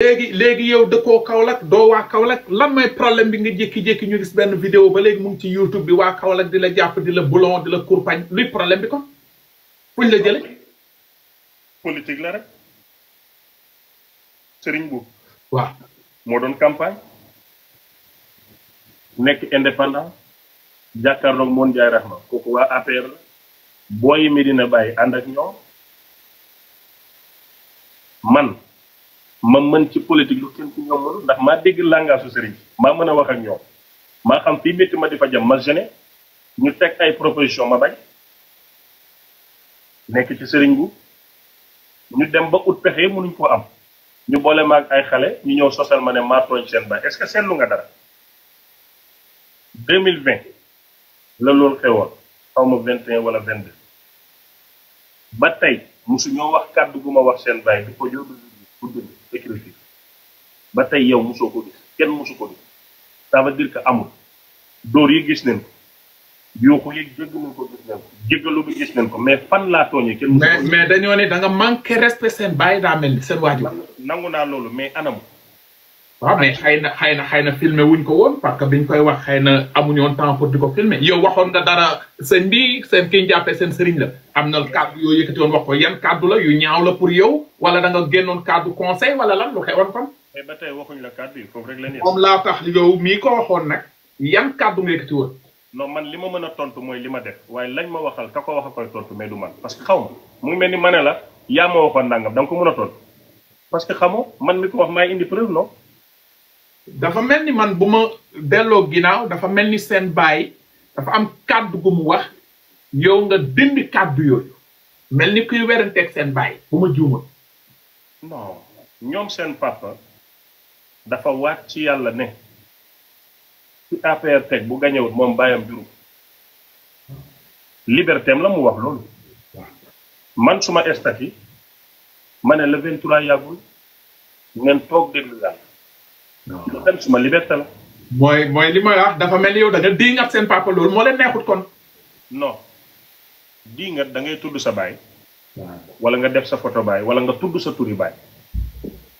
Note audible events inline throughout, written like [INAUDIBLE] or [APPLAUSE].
léegi léegi yow dëkkoo Kaolack doo waa Kaolack lan mooy problème bi nga jékki-jékki ñu gis benn vidéo ba léegi mu ngi ci YouTube bi waa Kaolack di la jàpp di la boulon di la kurpañ luy problème bi kon fuñ la jële politique la rek sëriñ Mboup waaw moo doon campagne nekk indépendant jàkkaarloog moon jaay raxma kooku waa APR la booyi Medina Baye ànd ak ñoom man ma mën ci politique lu kenn ci ñoom ndax maa dégg langage su sëriñ maa mën a wax ak ñoom maa xam fii métti ma di fa jëm ma gêné ñu teg ay proposition ma bañ nekk ci sëriñ bu ñu dem ba ut pexe mënuñ koo am ñu boole ma ak ay xale ñu ñëw sosal ma ne maa tooñ seen baay est-ce que seetlu nga dara 2020 la loolu xewoon xaw ma 21 wala 22 ba tey mosu ñoo wax kàddu gu ma wax seen baay di ko jóg pour ba tey yow musoo ko gis kenn mosu ko gis ça dire que amul dóor yi gis nañ ko yi jégg nañ ko gis nañ ko jéggalu bi gis nañ ko mais fan laa tooñee kenn mosu ko mais mais dañoo ne da nga manqué respect seen bàyyi daa mel ni seen waajur nangu naa loolu mais anamu waaw mais xëy na xëy na xëy na filmé wuñ ko woon parce que ñu koy wax xëy na amuñu woon temps pour di ko filmé yow waxoon nga dara seen bi seen ki jàppee seen sëriñ la am na kàddu yoo yëkkati woon wax ko yan kaddu la yu ñaaw la pour yow wala da nga génnoon kàddu conseil wala lan lu xewoon fan. mais ba tey la kàddu foofu rek la moom laa tax yow mii ko waxoon nag yan kaddu nga yëkkati woon. non man li ma mën a tontu mooy li ma def waaye lañ ma waxal ka ko wax a koy tontu mais du man parce que xaw ma mu mel ni ma ne la yaa ma waxoon nangam da ko mën a tontu que xamoo man mi ko wax dafa mel ni man bu ma delloo ginnaaw dafa mel ni seen baay dafa am kàddu bu mu wax yow nga dindi kàddu yooyu mel ni kuy weranteeg seen baay bu ma juuma non ñoom seen papa dafa waat ci yàlla ne ci APR teg bu gañewut moom bàyyam juru liberté la mu wax loolu man suma estati ma ne le 23 yàggul ngeen toog déglu yàlla non dem suma liberté la. mooy mooy li ma wax dafa mel yow da nga diingat seen papa loolu moo leen neexut kon. non diingat da tudd sa baay. wala nga def sa photo baay wala nga tudd sa turi baay.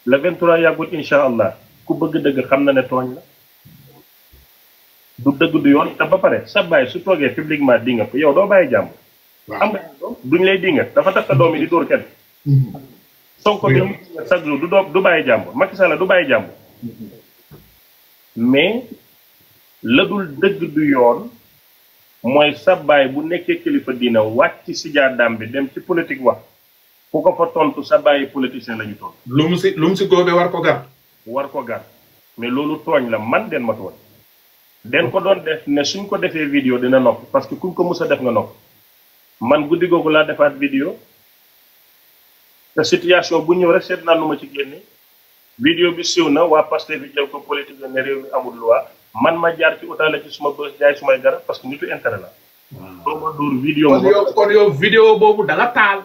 le 23 yàggul incha allah ku bëgg dëgg xam na ne tooñ la. du dëgg du yoon te ba pare sa baay su toogee publiquement dinga ko yow doo bàyyi jàmm. am nga duñ lay dinga dafa tax sa doom yi di dóor kenn. Mm-hmm. Sonko bi chaque jour du doo du bàyyi jàmm Macky Sall du bàyyi jàmm. Mm-hmm. mais la dul dëgg du yoon mooy sa baay bu nekkee kilifa diina wàcc si jaadaam bi dem ci politique wax ku ko fa tontu sa bàyyi politicien la ñu tontu. lu mu si lu mu si góobee war ko gar. war ko gar mais loolu tooñ la man den ma tooñ. den ko doon def ne suñ ko defee vidéo dina nopp parce que kuñ ko mus a def nga nopp man guddi googu laa defaat vidéo te situation bu ñëw rek seet naa lu ma ci génne. vidéo bi siiw na waa Pastef bi jël ko politique ne réew mi amul loi man ma jaar ci utaale ci suma bës jaay sumay garab parce que nitu intérêt la. waaw ma dóor vidéo kon yow boobu da taal.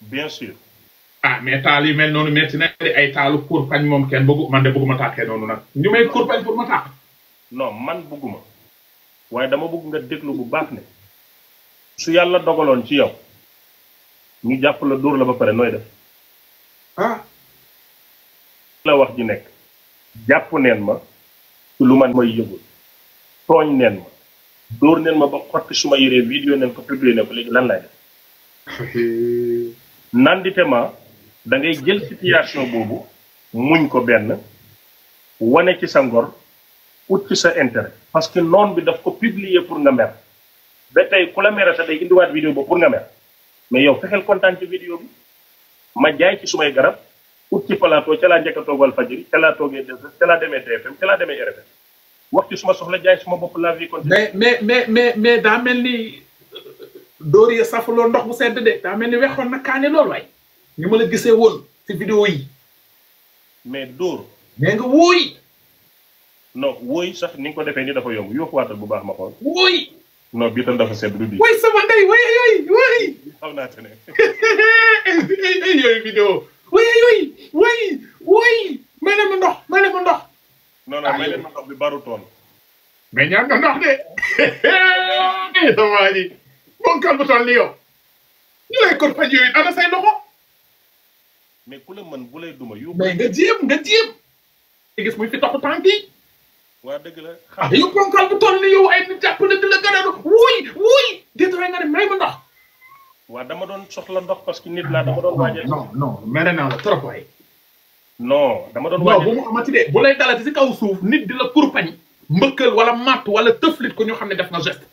bien sûr. ah mais taal yu mel noonu métti na di ay taalu kurpañ moom kenn bëggu man de ma tàkkee noonu nag. ñu may kurpañ pour ma tàkk. non man bëgguma waaye dama bugg nga déglu bu baax ne su yàlla dogaloon ci yow ñu jàpp la dóor la ba pare nooy def. Ah. la wax ji nekk jàpp neen ma ci lu ma mooy yëgul tooñ neen ma dóor neen ma ba xotti suma yére vidéo neen ko publié ne ko léegi lan laay def [LAUGHS] nanditema da ngay jël situation boobu muñ ko benn wane ci sa ngor ut ci sa intérêt parce que noon bi daf ko publier pour nga mer ba tey ku la mere sax day indiwaat vidéo ba pour nga mer mais yow fexeel kontaan ci vidéo bi ma jaay ci sumay garab ut ci plateau ca laa njëkk a toog Walfadjri ca laa toogee DSS ca laa demee TFM ca laa demee RFM wax ci suma soxla jaay suma bopp la vie continue. mais mais mais mais daa mel ni dóor ya safuloo ndox bu sedd de daa mel ni wexoon na kaane lool waay ñu ma la gisee woon ci vidéo yi. mais dóor. nee nga wóoy. non wóoy sax ni nga ko defee ni dafa yomb yokkuwaatal bu baax ma xool. wóoy. non bii tam dafa sedd du di. wóoy sama ndey wóoy yooyu wóoy. xam naa way way way way may leen ma ndox may leen ma ndox. non leen ma ndox bi baru toon. mais ñaan nga ndox de. [LAUGHS] waa ji bu toll nii yow. lay ko faj yooyu ana say loxo. mais ku la mën bu lay duma yu. mais nga jéem nga gis muy fi toq tànk waa dëgg la. ah yow ponkal bu toll nii yow ay nit jàpp a wuy wuy déet nga ne may ma ndox. waa dama doon soxla ndox parce que nit laa dama doon. waajal non non mere naa la trop waaye. non dama doon. waajal non bu mu amati de bu lay dalati si kaw suuf nit di la kurpañ mbëkkal wala màtt wala tëflit ko ñu xam ne def na geste.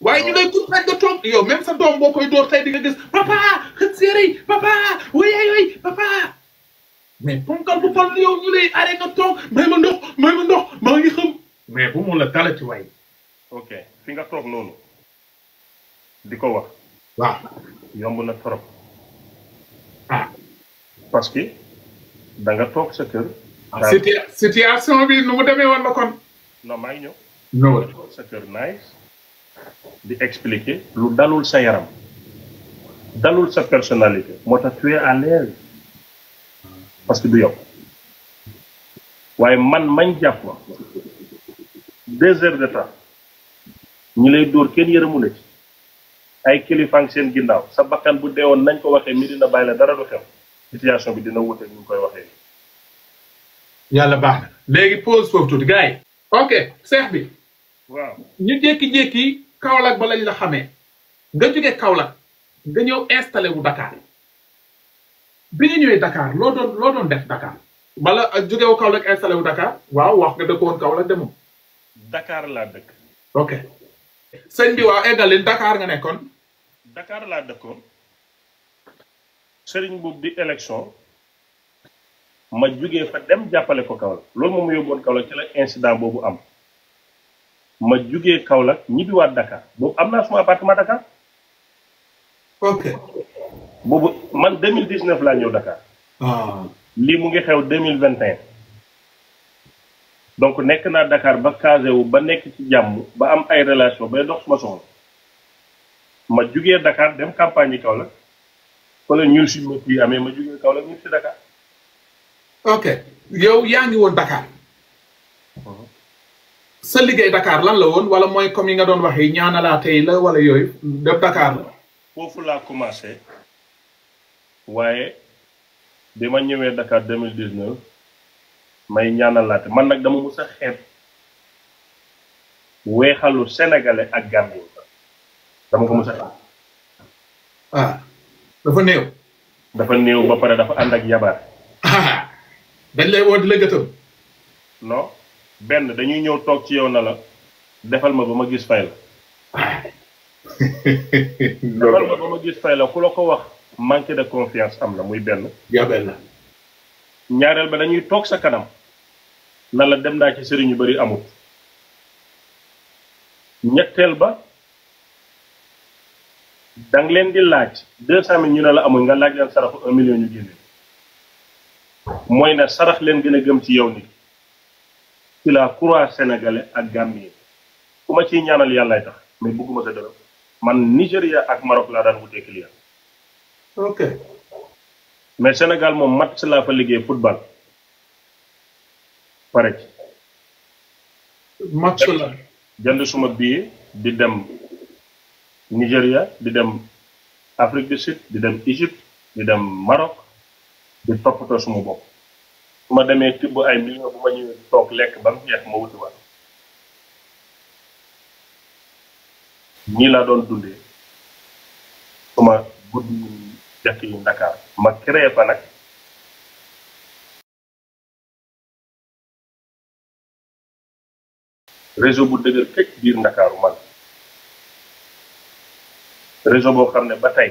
waaye ñu lay kurpañ de toog yow même sa doom boo koy door tey di nga gis papa xët séeréy papa wéyeyoy papa. mais ponkal bu toll yow ñu lay aaree nga toog may ma ndox may ma ndox maa ngi xam. mais bu mu la dalati waaye. ok fi nga toog noonu di ko wax. waaw yomb na trop ah parce que da nga toog sa kër. Ah, situation bi nu mu demee woon la kon. non maa ngi ñëw. ñëw toog sa kër naaj. di expliquer lu dalul sa yaram. dalul sa personnalité. moo tax tu es à l'aise parce que du yow. waaye man mañ jàpp ma. deux heures de temps. ñu lay dóor kenn yërëmu la ci. ay kilifaang seen ginnaaw sa bakkan bu deewoon nañ ko waxee mi dina bàyyi la dara du xew situation bi dina wuute ñu ngi koy waxee yàlla baax na léegi pause foofu tuuti gars yi. ok seex bi. waaw ñu jékki-jékki Kaolack ba lañ la xamee nga jóge Kaolack nga ñëw installé wu Dakar bi nga ñëwee Dakar loo doon loo doon def Dakar bala jóge wu Kaolack installé wu Dakar waaw wax nga dëkkoon Kaolack demoon. dakaar laa dëkk. ok. sëñ bi waa eggalin Dakar nga nekkoon. Dakar laa dëkkoon sëriñ boobu di élection ma jugee fa dem jàppale ko Kaolack loolu moom yóbboon Kaolack ci la incident boobu am ma jugee la ñibbiwaat Dakar boobu am naa suma appartement Dakar. ok boobu man 2019 laa ñëw Dakar. Ah. lii mu ngi xew 2021. donc nekk naa Dakar ba casé wu ba nekk ci jàmm ba am ay relation bay dox suma soxla ma jugee Dakar dem campagne yi Kaolack wala ñun suñu mbokk amee ma jugee yow yaa ngi woon Dakar. Mhm. sa liggéey Dakar la woon wala mooy comme yi nga doon waxee ñaanalaa tey la wala yooyu dem foofu laa commencé waaye bi ma ñëwee dakaar deux mille dix-neuf may ñaanalaate man nag dama mus a xeeb weexalu sénégalais ak gambien dama ko mus a xeeb. Ah, dafa néew. dafa néew ba pare dafa ànd ak yabaar. Ah, dañ lay benn dañuy ñëw toog ci yow na la defal ma ba ma gis fay la. [LAUGHS] defal ma ba ma gis fay la ku la ko wax manque de confiance am na muy benn. yaa benn. ñaareel ba dañuy toog sa kanam. na la dem naa ci sëriñ bari amul ñetteel ba danga leen di laaj deux cent ñu ne la amul nga laaj leen saraxu un million ñu génne mooy na sarax leen gën a gëm ci yow nit ci la croix sénégalais ak gambien ku ma ciy ñaanal yàllaay tax mais bëgguma sa dërëm man Nigéria ak Maroc laa daan wutee client ok mais Sénégal moom match laa fa liggéey football pare ci. match la jënd suma billet di dem Nigéria di dem Afrique du Sud di dem Égypte di dem Maroc di toppatoo suma bopp su ma demee tibb ay million bu ma ñëwee toog lekk ba mu jeex ma wuti waat nii laa doon dundee suma guddi jëkk yu Ndakaar ma créé fa nag. réseau bu dëgër këj biir ndakaaru man réseau boo xam ne ba tey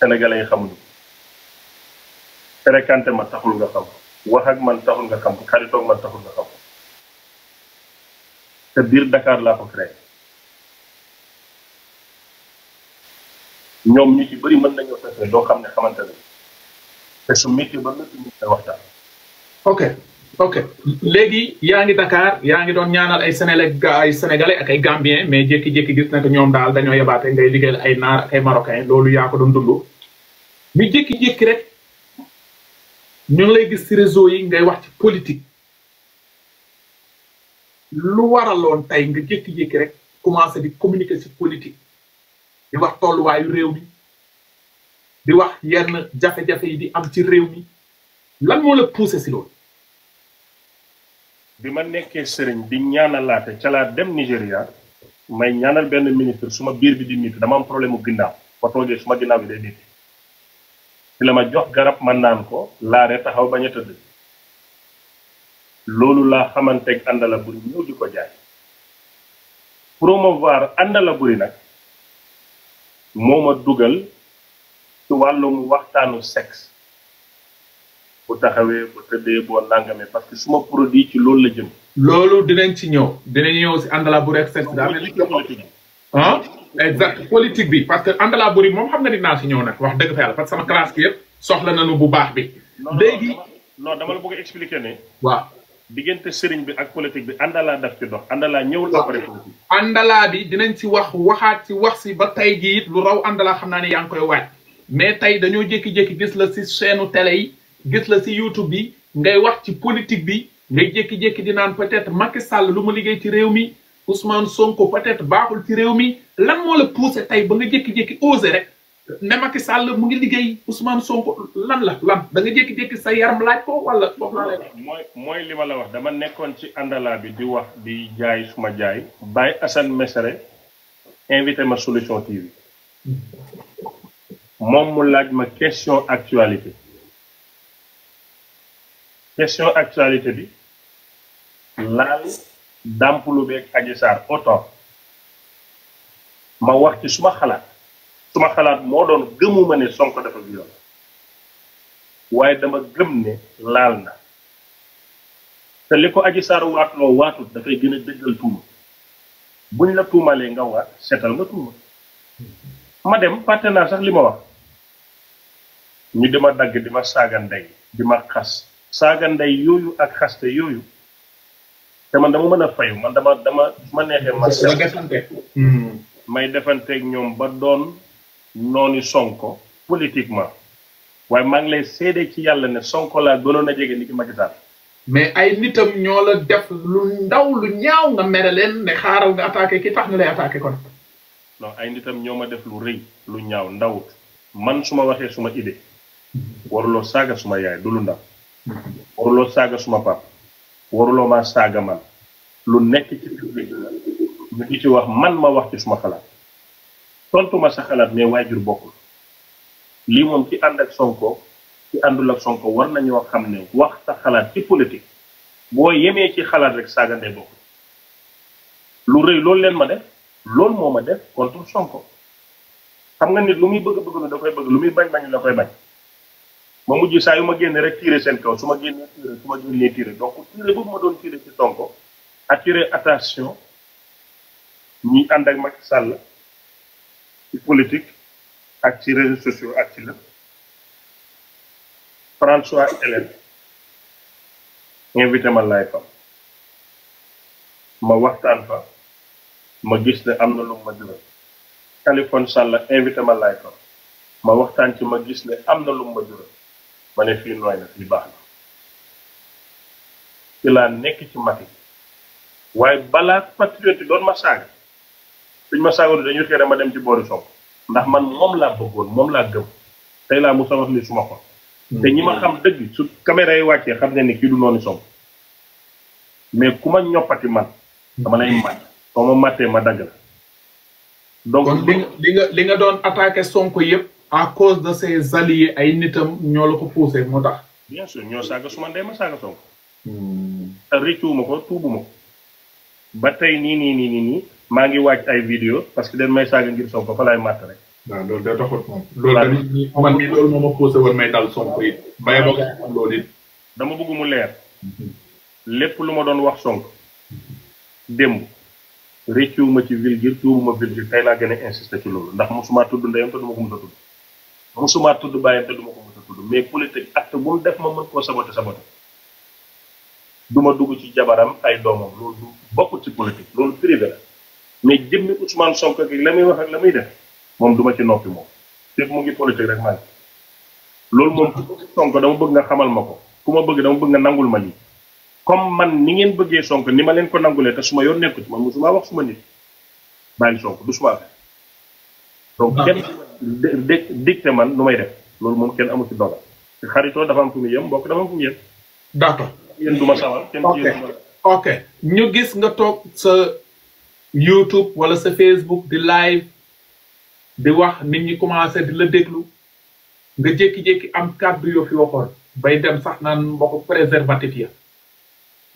sénégalais yi xamuñu fréquenté ma taxul nga xam wax ak man taxul nga xam xaritoog man taxul nga xam te biir Dakar laa ko créé ñoom ñu ci bëri mën nañoo fexe doo xam ne xamante te su métier ba lépp ñu koy waxtaan ok ok léegi yaa ngi Dakar yaa ngi doon ñaanal ay Sénégalais ay Sénégalais ak ay Gambien mais jékki-jékki gis na que ñoom daal dañoo yabaate ngay liggéeyal ay naar ak ay marocain loolu yaa ko doon dund. ñu jékki-jékki rek ñu ngi lay gis ci réseau yi ngay wax ci politique lu waraloon tey nga jékki-jékki rek commencé di communiquer ci politique di wax tolluwaayu réew mi di wax yenn jafe-jafe yi di am ci réew mi lan moo la poussé si loolu. bi ma nekkee sëriñ bi ñaanalaate ca laa dem Nigéria may ñaanal benn ministre suma biir bi di nit dama problème mu ginnaaw ba toogee suma ginnaaw bi day nit ci la ma jox garab ma naan ko laare taxaw ba a tëdd loolu laa xamanteeg àndala buri ñëw di ko jaay promouvoir àndala buri nag moo ma dugal ci wàllum waxtaanu sexe bu taxawee bu tëddee boo nangamee parce que suma produit ci loolu la jëm. loolu dinañ ci ñëw dinañ ñëw si Andalaburi et cetera. ah exact politique bi parce que Andalaburi moom xam nga ni si ñëw nag wax dëgg fa yàlla parce que sama classe gi yëpp soxla nañu bu baax bi. léegi non dama la bëgg expliquer ne. waaw. diggante sëriñ bi ak politique bi Andala daf ci dox Andala ñëwul après politique. Andala bi dinañ ci wax waxaat si wax si ba tey jii it lu raw Andala xam naa ne yaa ngi koy waaj mais tey dañoo jékki-jékki gis gis la si YouTube bi ngay wax ci politique bi ngay jékki-jékki di naan peut-être Macky Sall lu ma liggéey ci réew mi Ousmane Sonko peut-être baaxul ci réew mi lan moo la poussé tey ba nga jékki-jékki osé rek ne Macky sàll mu ngi liggéey Ousmane Sonko lan la lan da nga jékki-jékki sa yaram laaj ko wala foofu laa lay mooy mooy li ma la wax dama nekkoon ci àndalaa bi di wax di jaay suma jaay Baye Assane Mesere invité ma Solution TV hmm. moom mu laaj ma question actualité question actualité bi laal dàmpulu beeg Adji Sarr auto ma wax ci suma xalaat suma xalaat moo doon gëmuma ne Sonko dafa viol waaye dama gëm ne laal na te li ko Adji Sarr waatut dafay gën a dëggal tuuma buñ la tuumalee nga waat seetal nga tuuma ma dem fàtte naa sax li ma wax ñu dima dagg di ma saaga ndey di ma xas saaga ndey yooyu ak xaste yooyu te man dama mën a fayu man dama dama ma neexee mm-hmm. may defanteeg ñoom ba doon noonu Sonko politiquement waaye maa ngi lay seede ci yàlla ne Sonko laa gënoon a jege ni ki Macky mais ay nitam ñoo la def lu ndaw lu ñaaw nga mere leen ne xaaral nga attaqué ki tax ñu lay attaqué kon ay nitam ñoo ma def lu rëy lu ñaaw ndawut man su ma waxee suma idée waruloo saaga suma yaay du lu ndaw waruloo saaga suma pap waruloo maa saaga man lu nekk ci public ñu di ci wax man ma wax ci suma xalaat tontuma sa xalaat mais waajur bokkul lii moom ci ànd ak sonko ci àndul ak sonko war nañoo xam ne wax sa xalaat ci politique boo yemee ci xalaat rek saaga ndey bokkul lu rëy loolu leen ma def loolu moo ma def contre sonko xam nga nit lu muy bëgg bëgg da koy bëgg lu muy bañ bañ la koy bañ ma mujj saa yu ma génne rek tiré seen kaw su ma génnee tiré su ma génnee tiré donc tiré boobu ma doon tiré ci Sonko attiré attention ñi ànd ak Macky Sall ci politique ak ci réseaux sociaux ak ci la François Hélène invité ma laay fa ma waxtaan fa ma gis ne am na lu ma jural Californie Sall invité ma laay fa ma waxtaan ci ma gis ne am na lu ma jural ma ne fii nooy na fii baax na ci laa nekk ci mati waaye balaa patriote yi doon ma saaga suñ ma saagoon dañuy xëy ma dem ci boori sopp ndax man moom laa bëggoon moom laa gëm tey laa mu wax ni suma ko hmm. te ñi ma xam dëgg su caméra yi wàccee xam ne ni kii du noonu sopp mais ku ma ñoppati man dama lay màtt soo ma màttee ma dagg la donc li nga li nga doon attaqué Sonko yëpp à cause de ses ay nitam ñoo la ko poussé moo tax. bien sûr ñoo saaga suma ndey ma saaga Sonko. Hmm. te ko tuubuma ko. ba tey nii nii nii maa ngi wàcc ay vidéo parce que dañ may saaga ngir Sonko fa laay màtt rek. waaw loolu ma poussé woon may dal Sonko dama bëgg mu leer. Hmm. lépp lu ma doon wax Sonko. démb. rëccuwuma ci ville ngir tuubuma ville tey laa gën a insister ci loolu ndax mosuma tudd ndeyam te duma ko mën a tudd. musuma tudd bàyyam te du ma ko mën a tudd mais politique acte bu mu def ma mën koo saboté saboté du dugg ci jabaram ay doomam loolu du bokkul ci politique loolu privé la mais jëmmi Ousmane Sonko la muy wax la muy def moom duma ci noppi moom fépp mu ngi politique rek maa ngi loolu moom Sonko dama bëgg nga xamal ma ko ku ma bëgg dama bëgg nga nangul ma lii comme man ni ngeen bëggee sonk ni ma leen ko nangulee te su ma yoon nekku ci man musuma wax suma nit bàyyi Sonko du suma donc dé dicté man lu may def loolu moom kenn amu ci dogal te xaritoo dafa am fu mu yem mbokk dafa am fu mu yem. d'accord yéen du ma sawar kenn ci yéen ok ñu gis nga toog sa YouTube wala sa Facebook di live di wax nit ñi commencé di la déglu nga jékki-jékki am kàddu yoo fi waxoon bay dem sax naan mbokk préservatif ya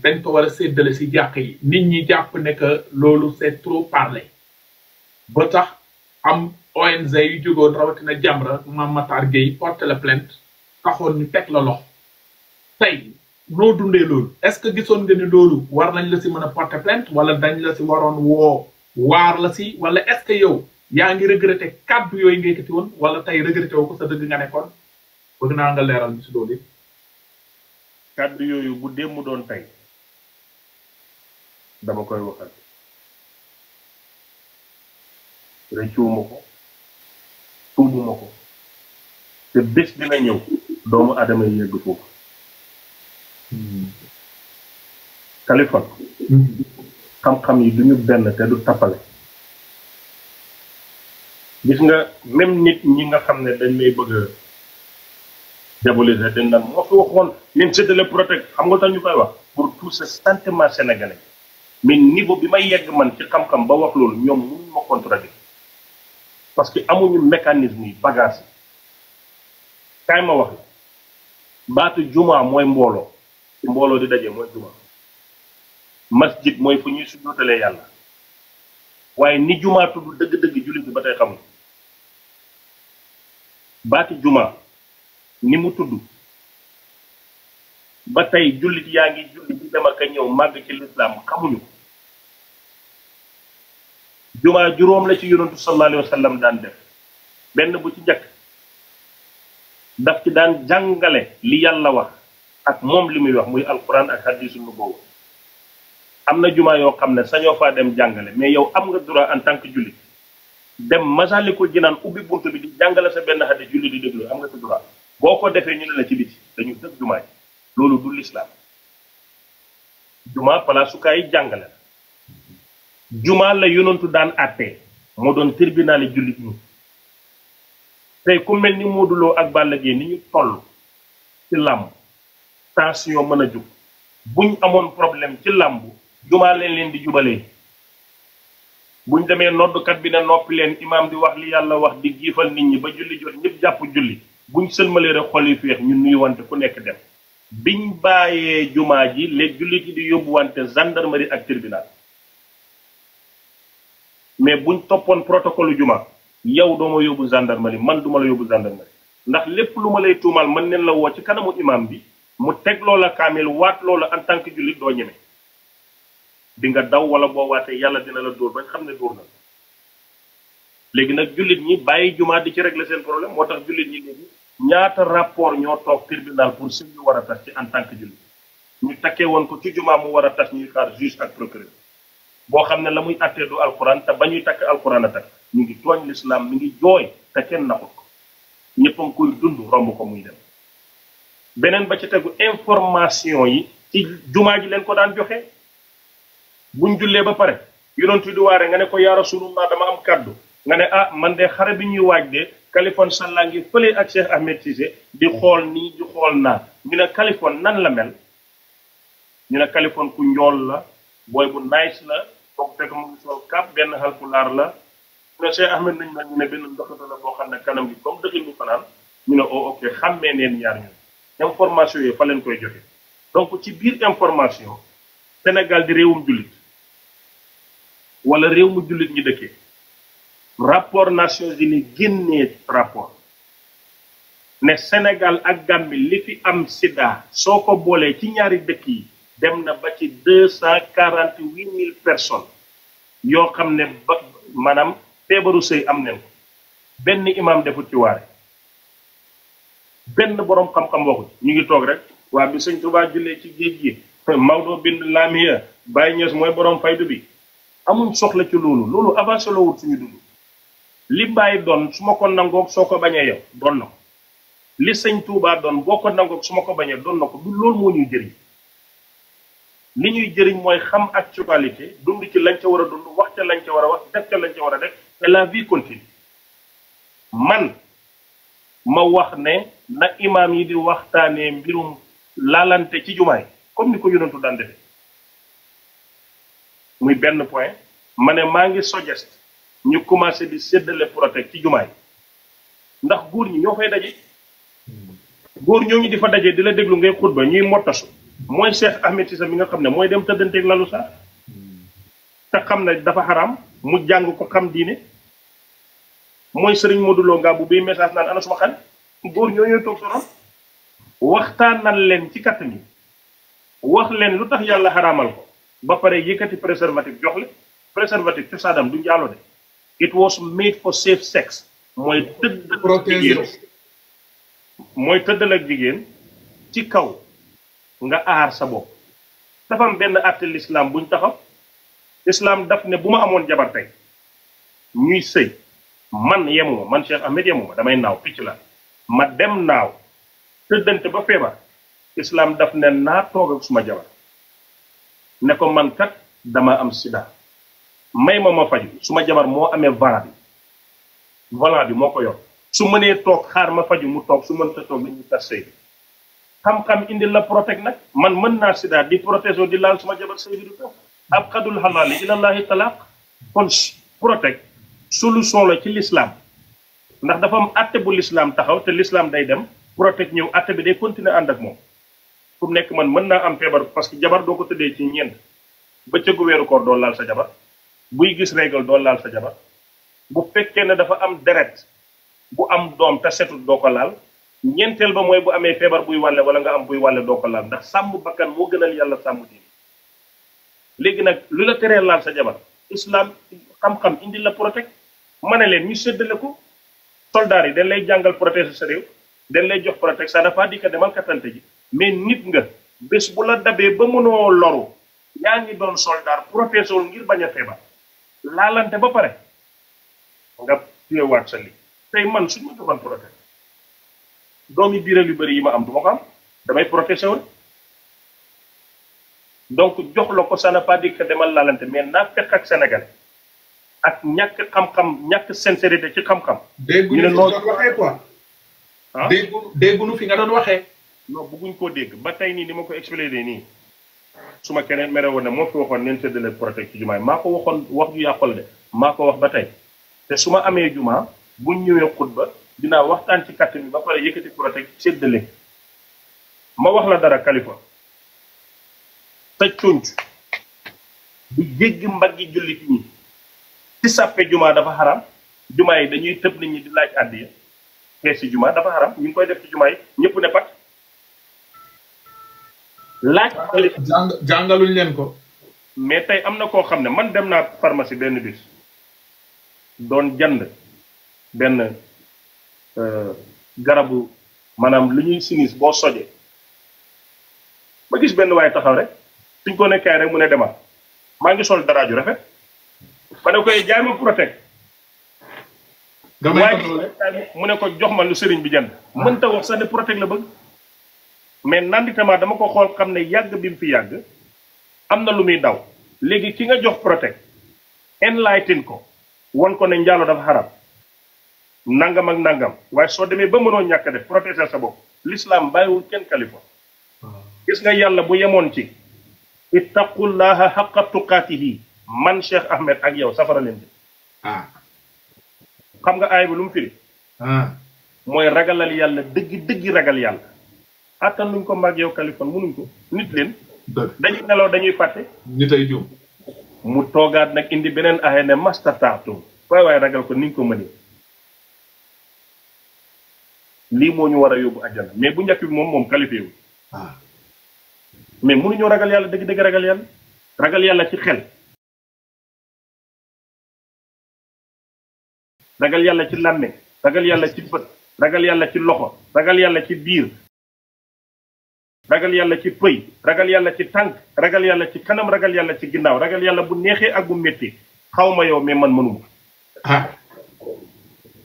dañ ko war a séddale si jàq yi nit ñi jàpp ne que loolu c'est trop parlé ba tax am. ONG yu jógoon rawatina Jamra Mame Matar Gueye porte la plainte taxoon ñu teg la loxo tey noo dundee loolu est-ce que gisoon nga ni loolu war nañ la si mën a porter plainte wala dañ la si waroon woo waar la si wala est yow yaa ngi regretté kàddu yooyu nga yëkkati woon wala tey regretté woo ko sa dëgg nga nekkoon bëgg naa nga leeral bi si loolu kàddu yooyu bu démb doon tey dama koy waxal rëccuwuma ko tuubuma ko te bés dina ñëw doomu aadama yi yegg foofu Kaliphone xam-xam yi du benn te du tappale gis nga même nit ñi nga xam ne dañ may bëgg a diaboliser dañ naan moo fi waxoon ñun c'est le xam nga tax ñu koy wax pour tout ce sentiment sénégalais mais niveau bi may yegg man ci xam-xam ba wax loolu ñoom mënuñ ma contredire parce que amuñu mécanisme yi bagage yi kaay ma wax la baatu jumaa mooy mbooloo ci mbooloo di daje mooy jumaa masjid mooy fu ñuy sujjootalee yàlla waaye ni jumaa tudd dëgg-dëgg jullit bi ba tey xamul baati jumaa ni mu tudd ba tey jullit yaa ngi jullit di dem ak ñëw màgg ci lislaam xamuñu jumaa juróom la ci yonantu sallallahu alayhi wa sallam daan def benn bu ci njëkk daf ci daan jàngale li yàlla wax ak moom li muy wax muy alquran ak hadisu nubuwwa am na jumaa yoo xam ne sañoo faa dem jàngale mais yow am nga droit en tant que jullit dem Masaalikul Jinaan ubbi bunt bi di jàngale sa benn hadis jullit di déglu am nga ci droit boo ko defee ñu ne la ci biti dañu tëj jumaa ji loolu du lislaam jumaa palaasukaay jàngale la jumaa la yonantu daan àtte moo doon tribunal yi jullit ñi tey ku mel ni Modou Lo ak Balla Gaye ni ñu toll ci làmb tension mën a jug buñ amoon problème ci làmb jumaa leen leen di jubalee buñ demee noddukat bi ne noppi leen imaam di wax li yàlla wax di giifal nit ñi ba julli jot ñëpp jàpp julli buñ sëlmalee rek xol ñu nuy wante ku nekk dem biñ bàyyee jumaa ji les jullit yi di yóbbu wante gendarmerie ak tribunal mais buñ toppoon protocole juma yow doo ma yóbbu gendarmerie man duma ma la yóbbu gendarmerie ndax lépp lu ma lay tuumaal mën neen la woo ci kanamu imam bi mu teg loola kaamil waat loola en tant que jullit doo ñeme di nga daw wala boo waatee yàlla dina la dóor bañ xam ne dóor na léegi nag jullit ñi bàyyi jumaa di ci régler seen problème moo tax jullit ñi léegi ñaata rapport ñoo toog tribunal pour sëñ ñu war a tas ci en tant que jullit ñu takkee woon ko ci mu war a tas ñuy xaar juge ak procureur boo xam ne la muy attee du alquran te ba ñuy takk alquran a takk mu ngi tooñ lislaam mi ngi jooy te kenn naxut ko ñëpp a ngi koy dund romb ko muy dem beneen ba ci tegu information yi ci jumaa ji leen ko daan joxe buñ jullee ba pare yonentu di waare nga ne ko yaa rasulullah dama am kàddu nga ne ah man de xare bi ñuy waaj de Kaliphone Sall a ngi fële ak Cheikh Ahmed Cissé di xool nii di xool naa ñu ne Kaliphone nan la mel ñu ne kalifon ku njool la la kooku fekk mu ngi kàpp benn halpulaar la ñu ne Cheikh nañ la ne benn ndoxata la boo xam ne kanam gi comme dëkk bu fanaan ñu ne o oh, ok xàmmee neen ñaar ñu information yi fa leen koy joxe donc ci biir information Sénégal di réewum jullit wala réew mu jullit ñi dëkkee rapport Nations Unies génnee rapport ne Sénégal ak Gambie li fi am sida soo ko boolee ci ñaari dëkk yi dem na ba ci deux cent quarante huit mille personnes yoo xam ne ba maanaam feebaru sëy am nañ ko benn imam defut ci waare benn boroom xam-xam waxu ñu ngi toog rek waa bi sëñ Tuubaa jullee ci géej gi Maodo bind Laamiya Baye Niass mooy boroom faydu bi amuñ soxla ci loolu loolu avancé la wut suñu dund li Baye doon su ma ko nangoog soo ko bañee yow doon na ko li sëñ Tuubaa doon boo ko nangoog su ma ko bañee doon na ko du loolu moo ñuy jëriñ li ñuy jëriñ mooy xam ak actualité dund ci lañ ca war a dund wax ca lañ ca war a wax def ca lañ ca war a def et la vie continue man ma wax ne na imaam yi di waxtaanee mbirum laalante ci jumaay comme ni ko yonentu daan defee muy benn point ma ne maa ngi suggest ñu commencé di séddale protect ci jumaay ndax góor ñi ñoo fay daje hmm. góor ñoo ñu di fa daje di la déglu ngay xutba ñuy mottasu mooy Cheikh Ahmed Cissé mi nga xam ne mooy dem tëddanteeg lalu sax hmm. te xam na dafa xaraam mu jàng ko xam diine mooy sëriñ Modou Lo nga bu bay message naan ana suma xel góor ñoo ñooy toog soron waxtaanal leen ci katt mi wax leen lu tax yàlla xaraamal ko ba pare yëkkati préservatif jox le préservatif cosaanam du njaalo de it was made for safe sex mooy tëdd ak jigéen mooy tëddal ak jigéen ci kaw nga aar sa bopp dafa am benn àtte l'islam buñ taxaw islam daf ne bu ma amoon jabar tey ñuy sëy man yemuma man Cheikh Ahmed yemuma damay naaw picc la ma dem naaw tëddante ba feebar islam daf ne naa toog suma jabar ne ko man kat dama am sida may ma ma faju suma jabar moo amee volant bi volant bi moo ko yor su mënee toog xaar ma faju mu toog su mënta toog li ñu tas sëy xam-xam indil la protège nag man mën naa sida di protège di laal suma jabar say bidu taw ab xadul xalaali ilallahi talaaq kon protège solution la ci lislaam ndax dafa am atte bu l'islam taxaw te l'islam day dem protège ñëw atte bi day continuer ànd ak moom fu nekk man mën naa am feebar parce que jabar doo ko tëddee ci ñeent bëccëgu weeru koor doo laal sa jabar buy gis régal doo laal sa jabar bu fekkee ne dafa am deret bu am doom te setut laal ñeenteel ba mooy bu amee feebar buy wàlle wala nga am buy wàlle doo ko laal ndax sàmm bakkan moo gënal yàlla sàmm diine léegi nag lu la teree laal sa jabar islam xam-xam indi la protect ma ne leen ñu seddale ko soldaar yi dañ lay jàngal protéger sa réew dañ lay jox protect ça dafa di ko demal kattante ji mais nit nga bés bu la dabee ba mënoo loru yaa ngi doon soldaar protéger wul ngir bañ a feebar laalante ba pare nga téyewaat sa li tey man suñu doomi biiral yu bëri yi ma am du ma xam damay profession donc jox la ko ça ne pas demal laalante mais naa fekk ak Sénégal ak ñàkk xam-xam ñàkk sincérité ci xam-xam. ñu ne noonu waxee quoi. ah dégguñu fi nga doon waxee. non bëgguñ koo dégg ba tey nii ni ma ko expliqué nii su ma keneen mere woon ne moo fi waxoon neen séddale protect ci jumaa yi maa ko waxoon wax ju yàqu de maa ko wax ba tey te su ma amee jumaa buñ ñëwee xutba. dinaa waxtaan ci kàtt bi ba pare yëkkati pour teg séddale ma wax la dara Kaliphone sa conc bu jéggi mbaggi jullit ñi ci sàppe jumaa dafa xaram jumaa yi dañuy tëb nit di laaj àddiya fees ci jumaa dafa xaram ñu ngi koy def ci jumaa yi ñëpp ne pat laaj ah, jàngaluñ leen ko mais tey am na koo xam ne man dem naa pharmacie benn bis doon jënd benn Euh, garabu maanaam lu ñuy sinis boo sojee ma gis benn waaye taxaw rek suñ ko nekkee rek mu ne demal maa ngi sol dara ju rafet ma ne koy eh, jaay ma protect mu ne ko jox ma lu sëriñ bi jënd mënta wax sax ne protect la bëgg mais nanditement dama ko xool xam ne yàgg bi mu fi yàgg am na lu muy daw léegi ki nga jox protect enlighten ko won ko ne njaalo dafa xaram nangam ak nangam waaye soo demee ba mënoo ñàkk def protéger sa bopp lislaam bàyyiwul kenn kalifa gis nga yàlla bu yemoon ci ittaqullaha xaqa tuqaatihi man Cheikh Ahmed ak yow safara leen jëm ah. xam nga aay bi lu mu firi ah. mooy ragalal yàlla dëgg dëgg ragal yàlla attan luñ ko mag yow kalifon mënuñ ko nit leen dañuy nelaw dañuy fàtte nit ay juum mu toogaat nag indi beneen aaya ne mastataatu waaye waaye ragal ko niñ ko mënee lii moo ñu war a yóbbu àjjana mais bu njëkk moom moom qualifié wu mais mënuñoo ragal yàlla dëgg dëgg ragal yàlla ragal yàlla ci xel ragal yàlla ci làmme ragal yàlla ci bët ragal yàlla ci loxo ragal yàlla ci biir ragal yàlla ci pëy ragal yàlla ci tànk ragal yàlla ci kanam ragal yàlla ci ginnaaw ragal yàlla bu neexee ak bu métti xaw ma yow mais man mënuma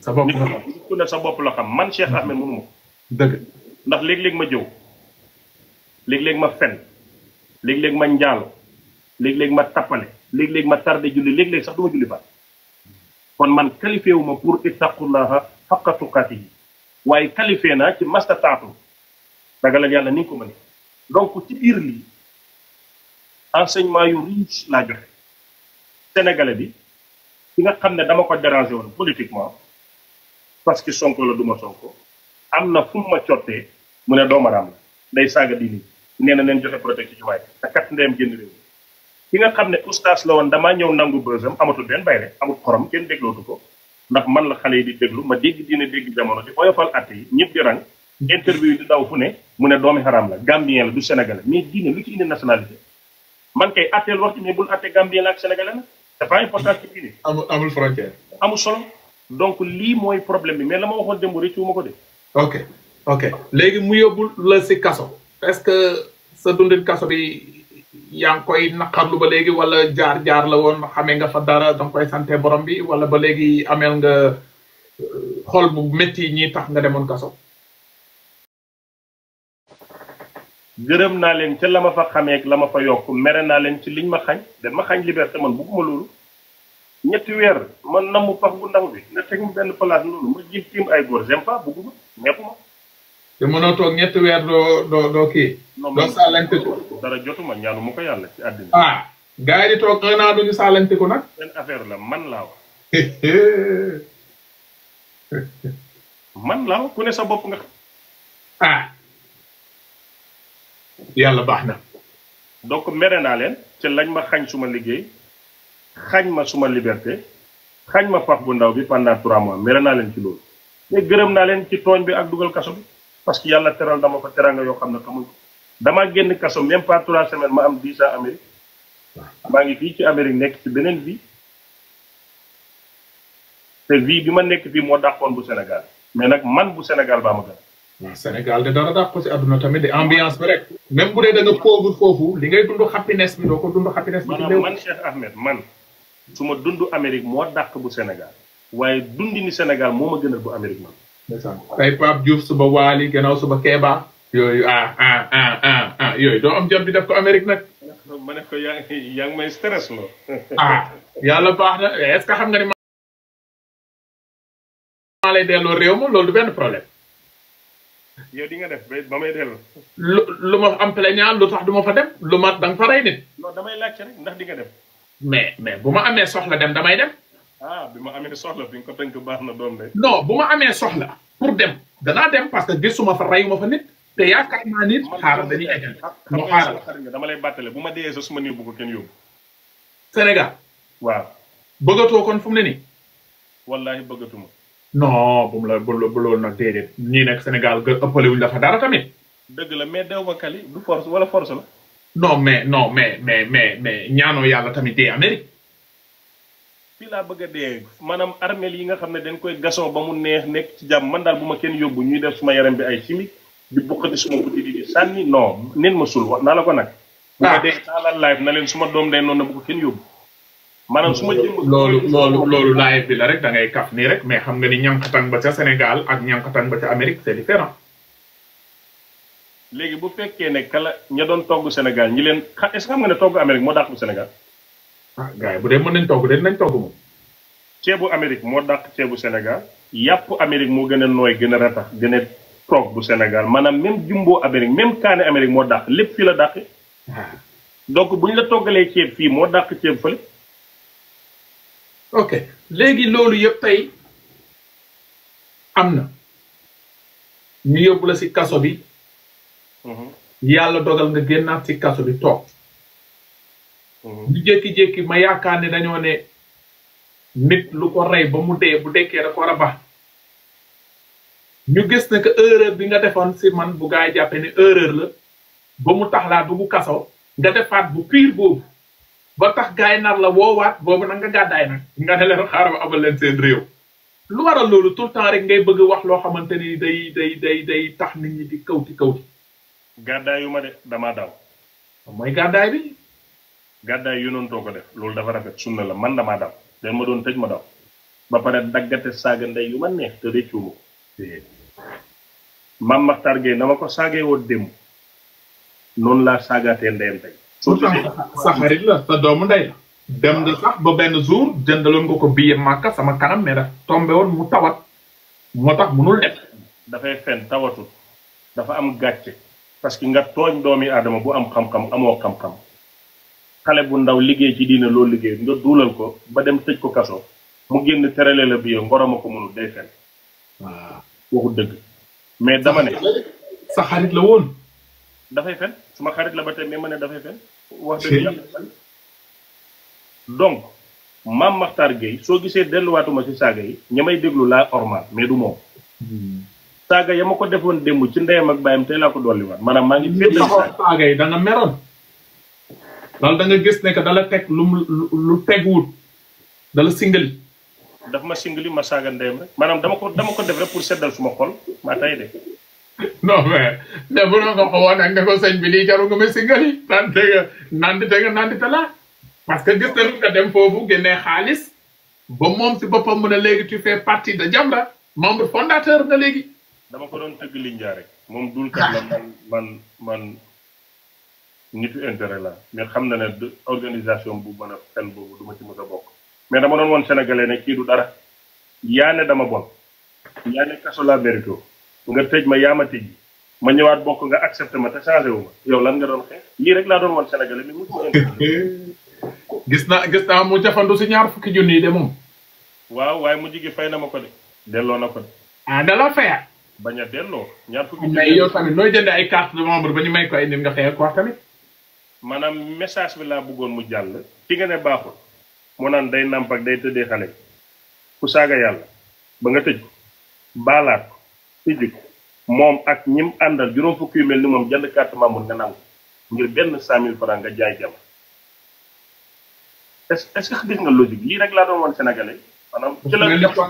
sa bopp la nit ku sa bopp la xam man Cheikh mm-hmm. Ahmed ma ko. dëgg ndax léegi léeg ma jëw léeg-léeg ma fen léeg-léeg ma njaalo léeg-léeg ma tappale léegi léeg ma tardé julli léeg-léeg sax du ma julli ba kon man qualifié wu ma pour ittaqullaha xaqa tuqaati yi waaye qualifié naa ci mastataatu ragalal yàlla ni ko mënee donc ci biir lii enseignement yu riche laa joxe sénégalais bi ki nga xam ne dama ko dérangé woon politiquement. parce que Sonko la duma Sonko am na fu mu ma cottee mu ne doomaraam la day saaga diini nee na neen joxe protection ci jumaay te kat ndeyam génn réew ki nga xam ne oustaz la woon damaa ñëw nangu bësam amatul benn bayle amul xorom kenn déglootu ko ndax man la xale yi di déglu ma dégg dina dégg jamono di oyofal at yi ñëpp di rang interview yi di ne mu ne doomi xaraam la gambien la du sénégalais mais diine man kay atteel wax ci ak sénégalais la donc lii mooy problème bi mais la ma waxoon démb rëccuwuma ko de. ok ok léegi mu yóbbu la si kaso est que sa dundin kaso bi yaa ngi koy naqarlu ba léegi wala jaar-jaar la woon xamee nga fa dara danga koy sante borom bi wala ba léegi ameel nga euh, xool bu métti ñi tax nga demoon kaso. gërëm naa leen ci la ma fa xamee ak la ma fa yokk mere naa leen ci liñ ma xañ dañ xañ liberté man bugguma loolu. ñetti weer man namu pax bu ndaw bi nga teg mu benn place noonu ma ji tiim ay góor j'aime pas bëgguma neexuma. te mënoo toog ñetti weer doo doo doo kii. doo saalantëtu dara jotuma ñaanu mu ko yàlla ci àddina. ah gars yi di toog un an duñu saalantëku nag. affaire la man laa wax. [LAUGHS] man laa wax ku ne sa bopp nga xam. ah. yàlla baax na. donc mere naa leen ci lañ ma xañ suma liggéey. xaañ ma suma liberté xaañ ma pax bu ndaw bi pendant trois mois naa leen ci loolu mais gërëm naa leen ci tooñ bi ak dugal kaso bi parce que yàlla teral dama ko teranga yoo xam ne xamuñ ko damaa génn kaso même pas trois semaines ma am visa Amérique maa ngi fii ci Amérique nekk ci beneen vie te vie bi ma nekk fii moo dàqoon bu Sénégal mais nag man bu Sénégal baa ma gën waaw Sénégal ko si àdduna bi rek même bu li ngay happiness bi doo ko dund happiness bi man Cheikh Ahmed man suma ma dund Amérique moo dàq bu Sénégal waaye dundini Sénégal moo ma gën a bu Amérique man. tey Pape Diouf suba Waali gannaaw suba Kéba. yooyu ah, ah, ah, ah yooyu doo am jot di def ko Amérique nag. ma ne ko yaa ngi yaa ngi may stress lo ah yàlla baax na eh, est xam nga ni maa lay delloo réew ma loolu benn problème. yow di nga def ba may dellu. lu lu ma am plaignant lu tax du ma fa dem lu mat da nga fa rey nit. non damay laajte rek ndax di nga def. mais mais bu ma amee soxla dem damay dem. ah bi ma amee soxla bi nga ko tënk baax na doon de. non bu ma amee soxla pour dem danaa dem parce que gisuma fa reyuma fa nit. te yaakaar naa nit xaaral dañuy dama lay bàttale bu ma dee sa suma néew bu ko kenn yóbbu. Sénégal. waaw bëggatoo kon fu mu ne nii. wallaahi bëggatuma. non bu mu la bu loolu nag déedéet ñii nekk Sénégal gë ëppale wuñ la fa tamit. dëgg la mais dew du force wala force la. non mais non mais mais mais mais ñaanoo yàlla tamit dee Amérique. fii laa bëgg a dee maanaam armeel yi nga xam ne dañ koy gason ba mu neex nekk ci jàmm man daal bu ma kenn yóbbu ñuy def suma yaram bi ay chimique di bokkati suma buti di sànni non nen ma sul wax naa ko nag. bu ma ah. dee taalal live na leen suma doom day noonu na bu ko kenn yóbbu. maanaam su ma loolu loolu loolu live bi la rek da ngay kaf nii rek mais xam nga ni ñànkatan ba ca Sénégal ak ñànkatan ba ca Amérique c'est léegi bu fekkee ne kala ña doon togg Sénégal ñi leen xa est-ce que xam nga ne togg Amérique moo dàq bu Sénégal. ah gars bu dee mën nañ togg de nañ togg moom. ceebu Amérique moo dàq ceebu Sénégal yàpp Amérique moo gën a nooy gën a ratax gën a toog bu Sénégal maanaam même jumbo Amérique même kaane Amérique moo dàq lépp fii la dàq. Ah. donc bu ñu la toggalee ceeb fii moo dàq ceeb fële. ok léegi loolu yëpp tey am na. ñu yóbbu la si kaso bi. Mm-hmm. yàlla dogal nga génnaat ci kaso bi toog. Mm-hmm. ñu jékki-jékki ma yaakaar ne dañoo ne nit lu ko rey ba mu dee bu dekkee da ko war a baax ñu gis ne que erreur bi nga defoon si man bu gaa yi jàppee ne la ba mu tax laa dugg kaso nga defaat bu pire boobu ba tax gaa yi nar la woowaat boobu nag nga gàddaay nag nga ne leen xaaral abal leen seen réew. lu waral loolu tout le temps rek ngay bëgg wax loo xamante ni day day day day tax nit ñi di kawti kawti yu ma de damaa daw. mooy gàddaay bi. gàddaay yónantoo ko def loolu dafa rafet sunna la man damaa daw den ma doon tëj ma daw ba pare daggate saaga ndey yu ma neex te réccu ma maam Maxtaar na ma ko saagee woon démb noonu laa saagaatee ndeyam tey. sa xarit la sa doomu ndey la. dem nga ah. sax ba benn jour jëndaloon ko billet màkka sama kanam mais daf tombé woon mu tawat moo tax munul def. dafay fen tawatul dafa am gàcce. parce que nga tooñ doomi aadama bu am xam-xam amoo xam-xam xale bu ndaw liggéey ci diina loolu liggéey nga duulal ko ba dem tëj ko kaso mu génn terale la biir ngoroma ko mënul day fen waaw waxu dëgg mais dama ma ne donc maam Makhtar Gueye soo gisee delluwaatuma ci saaga yi ña may déglu laa ormal mais du moom hmm. saaga ya ma ko defoon démb ci ndeyam ak bàyyam tey laa ko dolliwaat maanaam maa ngi. fépp saaga da nga meroon. loolu da gis ne dala teg lu lu teguwut dala singali. daf ma singali ma saaga ndeyam rek maanaam dama ko def rek pour seddal suma xol maa tay de. non mais mais bu doon nga que gis nañu xaalis ba moom si boppam mu ne fondateur nga léegi. dama ko doon tëgg linjaa rek moom dul kat la man man man nitu intérêt la mais xam na ne organisation bu mën a fen boobu duma ci mës a bokk mais dama doon woon sénégalais ne kii du dara yaa ne dama bon yaa ne kaso la mérito nga tëj ma yaa ma tëj ma ñëwaat bokk nga accepté ma te changé wu ma yow lan nga doon xeex lii rek laa doon won sénégalais mais mosuma [LAUGHS] gis naa gis naa mu jafandu si ñaar fukki junni yi de moom waaw waaye mu jigi fay na ma ko de delloo na ko de ah, bañ a delloo. ñaar fukki mais yow tamit nooy jëndee ay carte de membre ba ñu may ko ay nit nga xëy ko wax tamit. maanaam message bi laa bëggoon mu jàll. ki nga ne baaxul. naan day namp day tëddee saaga yàlla. ba nga tëj ko. moom ak ñim àndal juróom fukki yu mel ni moom jënd carte membre nga nangu. ngir benn cent mille franc nga jaay jàmm. est-ce est que gis nga logique lii rek laa doon woon sénégalais. maanaam ci la dafa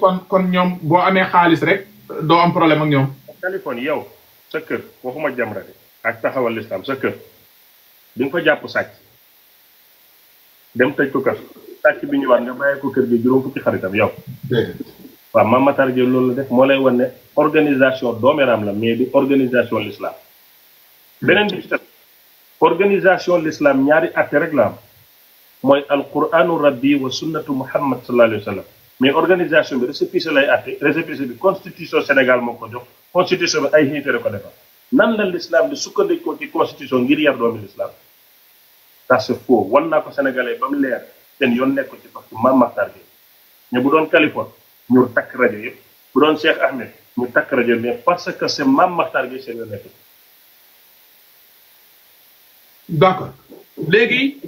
kon kon ñoom boo amee xaalis rek. doo am problème ak ñoom. Californie yow sa kër waxuma Jamra de ak taxawal lislaam sa kër di nga fa jàpp sàcc dem tëj ko kër sàcc bi ñëwaat nga bàyyi kër gi juróom fukki xaritam yow. waaw Mame Matar Gueye loolu la def moo lay wan ne organisation dooméram la mais di organisation l'islam beneen bi organisation l'islam ñaari atte rek la am mooy alquranu rabbi wa sunnatu muhammad sallallahu alayhi wa sallam mais organisation bi récépissé lay atte récépissé bi constitution Sénégal moo ko jox constitution bi ay xiifere ko defal nan la l'islam di sukkandikoo ci constitution ngir yar doomi l'islam ça c'est faux naa ko sénégalais ba leer seen yoon nekk ci parce que Mame Mactar Guèye bu doon Californie ñu takk rajo yëpp bu doon Cheikh Ahmed ñu takk rajo mais parce que c'est Mame Mactar Guèye seen yoon nekk ci léegi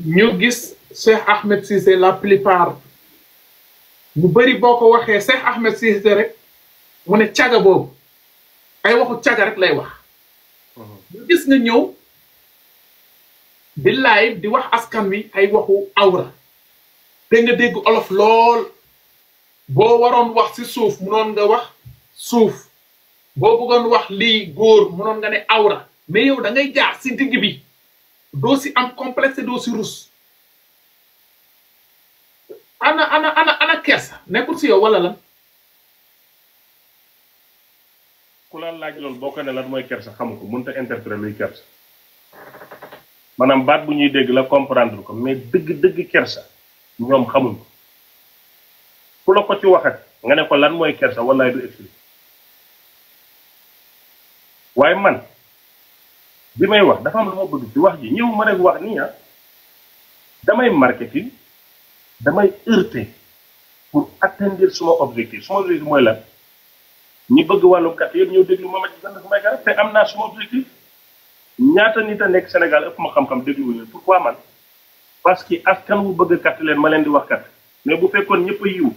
ñu gis Cheikh Ahmed Cissé la plupart mu bari boo ko waxee Cheikh Ahmed Cissé rek mu ne boobu ay waxu caga rek lay wax. ñu mhm. gis nga ñëw di di wax askan wi ay waxu awra. te nga dégg olof lool boo waroon wax si suuf munoon nga wax suuf boo bëggoon wax lii góor munoon nga ne awra mais yow dangay ngay jaar ci digg bi doo si am complexe doo si rus. ana ana ana ana kersa nekkul si yow wala la ku la laaj loolu boo ko ne lan mooy kersa xamu ko mënut a interpréter luy kersa maanaam baat bu ñuy dégg la comprendre ko mais dëgg dëgg kersa ñoom xamuñ ko ku la ko ci waxat nga ne ko lan mooy kersa wallaay du expliquer waaye man bi may wax dafa am lu ma bëgg ci wax ji ñëw ma rek wax nii ah damay marketing damay heurter pour atteindre suma objectif suma objectif mooy lan ñi bëgg wàllum kat yëpp ñëw déglu ma ma ci sant may garab te am naa suma objectif ñaata nit a nekk Sénégal ëpp ma xam-xam dégluwu leen parce que askan wu bëgg kat leen ma leen di wax kat mais bu fekkoon ñëpp a yiw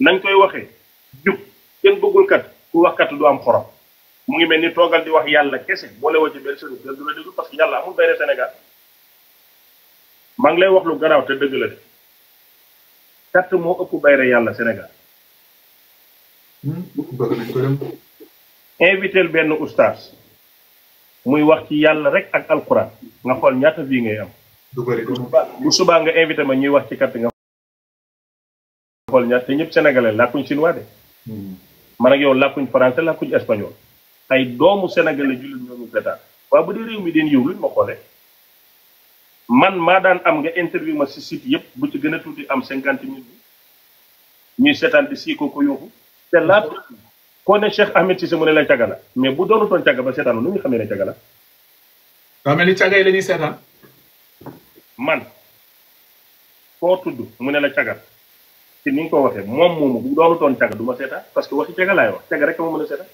nañ koy waxe jub kenn bëggul kat ku wax kat du am xorom mu ngi mel ni toogal di wax yàlla kese boole woo ci benn sëriñ du la déglu benn Sénégal maa ngi lay wax lu garaaw te dëgg la de. perte moo ëpp bayre yàlla Sénégal. Hmm? bëgg benn oustaz muy wax ci yàlla rek ak alquran nga xool ñaata vie ngay am. du bëri bu subaa nga invité ma ñuy wax ci kat nga xool ñaata te ñëpp sénégalais làkkuñ chinois de. Hmm. man ak yow làkkuñ français làkkuñ espagnol ay doomu sénégalais jullit ñoo ñu seetaan waaw dee réew mi den yiw luñ ma xoolee. man maa daan am nga interview ma si site yëpp bu ci gën a tuuti am cinquante mille ñuy seetaan di sii ko ko yóbbu te laa koo ne Cheikh Ahmed Cissé mu ne la caga la mais bu doonutoon caga ba seetaanu nu ñu xamee ne caga la. waa mel ni caga man koo tudd mu ne la caga te ni nga ko waxee moom moomu bu doonutoon caga du ma seetaan parce que waxi caga laay wax caga rek ma mën seetaan.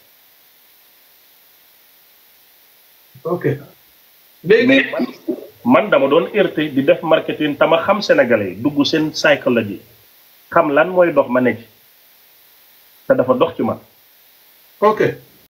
ok man dama doon heurté di def marketing tama xam sénégalais yi dugg seen psychologie xam lan mooy dox ma nekk te dafa dox ci man ok